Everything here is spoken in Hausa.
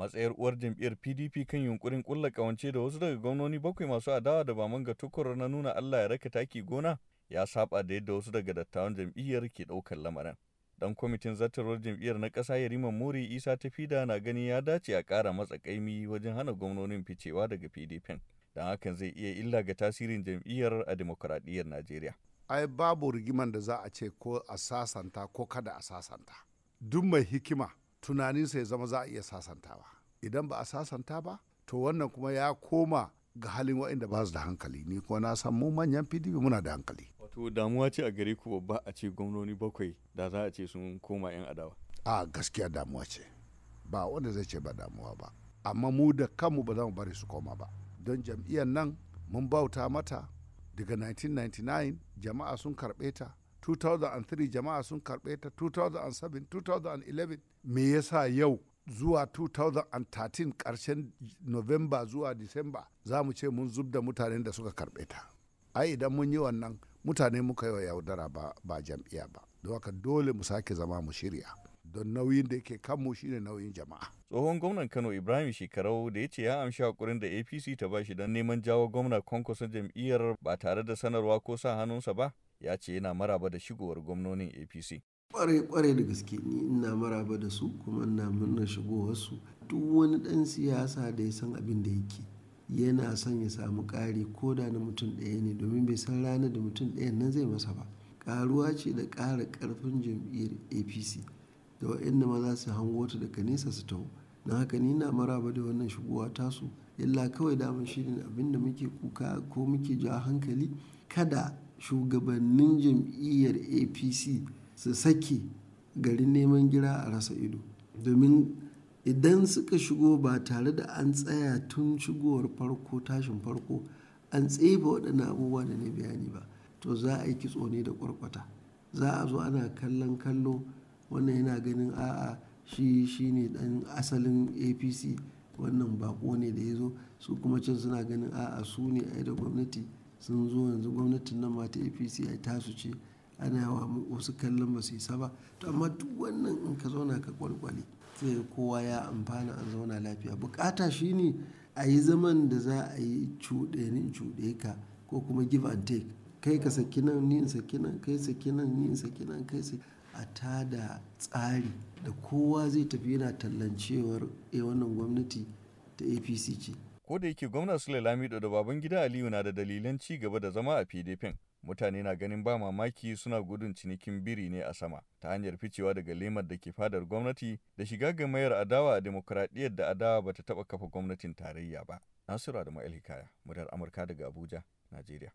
matsayar uwar jam'iyyar pdp kan yunkurin kulla kawance da wasu daga gwamnoni bakwai masu adawa da baman ga tukurar na nuna allah ya raka taki gona ya saba da yadda wasu daga dattawan jam'iyyar ke ɗaukar lamarin dan kwamitin zartarwar jam'iyyar na ƙasa Yariman mori isa ta tafida na gani ya dace a ƙara matsa kaimi wajen hana gwamnonin ficewa daga pdp don hakan zai iya illa ga tasirin jam'iyyar a demokuraɗiyyar najeriya ai babu rigiman da za a ce ko a sasanta ko kada a sasanta duk mai hikima tunaninsa ya zama za a iya sasantawa idan ba a sasanta ba to wannan kuma ya koma ga halin waɗanda ba su da hankali ni kuma na san mu manyan pdp muna da hankali wato damuwa ce a gare ku babba a ce gwamnoni bakwai da za a ce sun koma yan adawa a gaskiya damuwa ce ba wanda zai ce ba damuwa ba amma mu da kanmu ba za mu bari su koma ba don jam'iyyar nan mun bauta mata daga 1999 jama'a sun karɓe ta 2003 jama'a sun karɓe ta 2007 2011 me yasa yau zuwa 2013 ƙarshen novemba zuwa disamba za mu ce mun zub da mutanen da suka karɓe ta ai idan mun yi wannan mutane muka yi wa yaudara ba, ba jam'iyya ba don haka dole mu sake zama mu shirya don nauyin da yake kanmu shine nauyin jama'a tsohon gwamnan kano ibrahim shekarau da ya ce ya amshi hakurin da apc ta bashi don neman jawo gwamna kwankwason jam'iyyar ba tare da sanarwa ko sa hannunsa ba ya ce yana maraba da shigowar gwamnonin apc kwarai kware da gaske ni ina maraba da su kuma ina murnar shigowarsu duk wani ɗan siyasa da ya san abin da yake yana son ya samu ƙari ko da na mutum ɗaya ne domin bai san ranar da mutum ɗayan nan zai masa ba ƙaruwa ce da kara ƙarfin jam'iyyar apc da waɗanda ma za su hango ta daga nesa su taho na haka ni na maraba da wannan shigowa tasu illa kawai damar shirin abin da muke kuka ko muke ja hankali kada shugabannin jam'iyyar apc su sake garin neman gira a rasa ido domin idan suka shigo ba tare da an tsaya tun shigowar farko tashin farko an tsefa waɗannan abubuwa da na bayani ba to za a yi kitso ne da kwarkwata za a zo ana kallon kallo wannan yana ganin a'a shi shi ne ɗan asalin apc wannan bako ne da ya zo su kuma can suna ganin a'a su ne yi da gwamnati sun zo yanzu gwamnatin nan ma ta apc ai su ce ana yawa wasu kallon ba su isa ba to amma duk wannan in ka zauna ka kwalkwale sai kowa ya amfana an zauna lafiya bukata shi ne a yi zaman da za a yi cuɗe ni cuɗe ka ko kuma give and take kai ka saki nan ni in saki nan kai saki nan ni in saki nan kai saki a tada tsari da kowa zai tafi yana tallancewar a eh, wannan gwamnati ta apc ce Ko da yake gwamna Sule Lamido da gida Aliyu na da dalilan ci gaba da zama a PDP, mutane na ganin ba mamaki suna gudun cinikin biri ne a sama ta hanyar ficewa daga lemar da ke fadar gwamnati da shiga ga mayar adawa a demokuraɗiyyar da adawa ba ta taɓa kafa gwamnatin tarayya ba. Nasiru Adamu hikaya, mudar Amurka daga Abuja, Najeriya.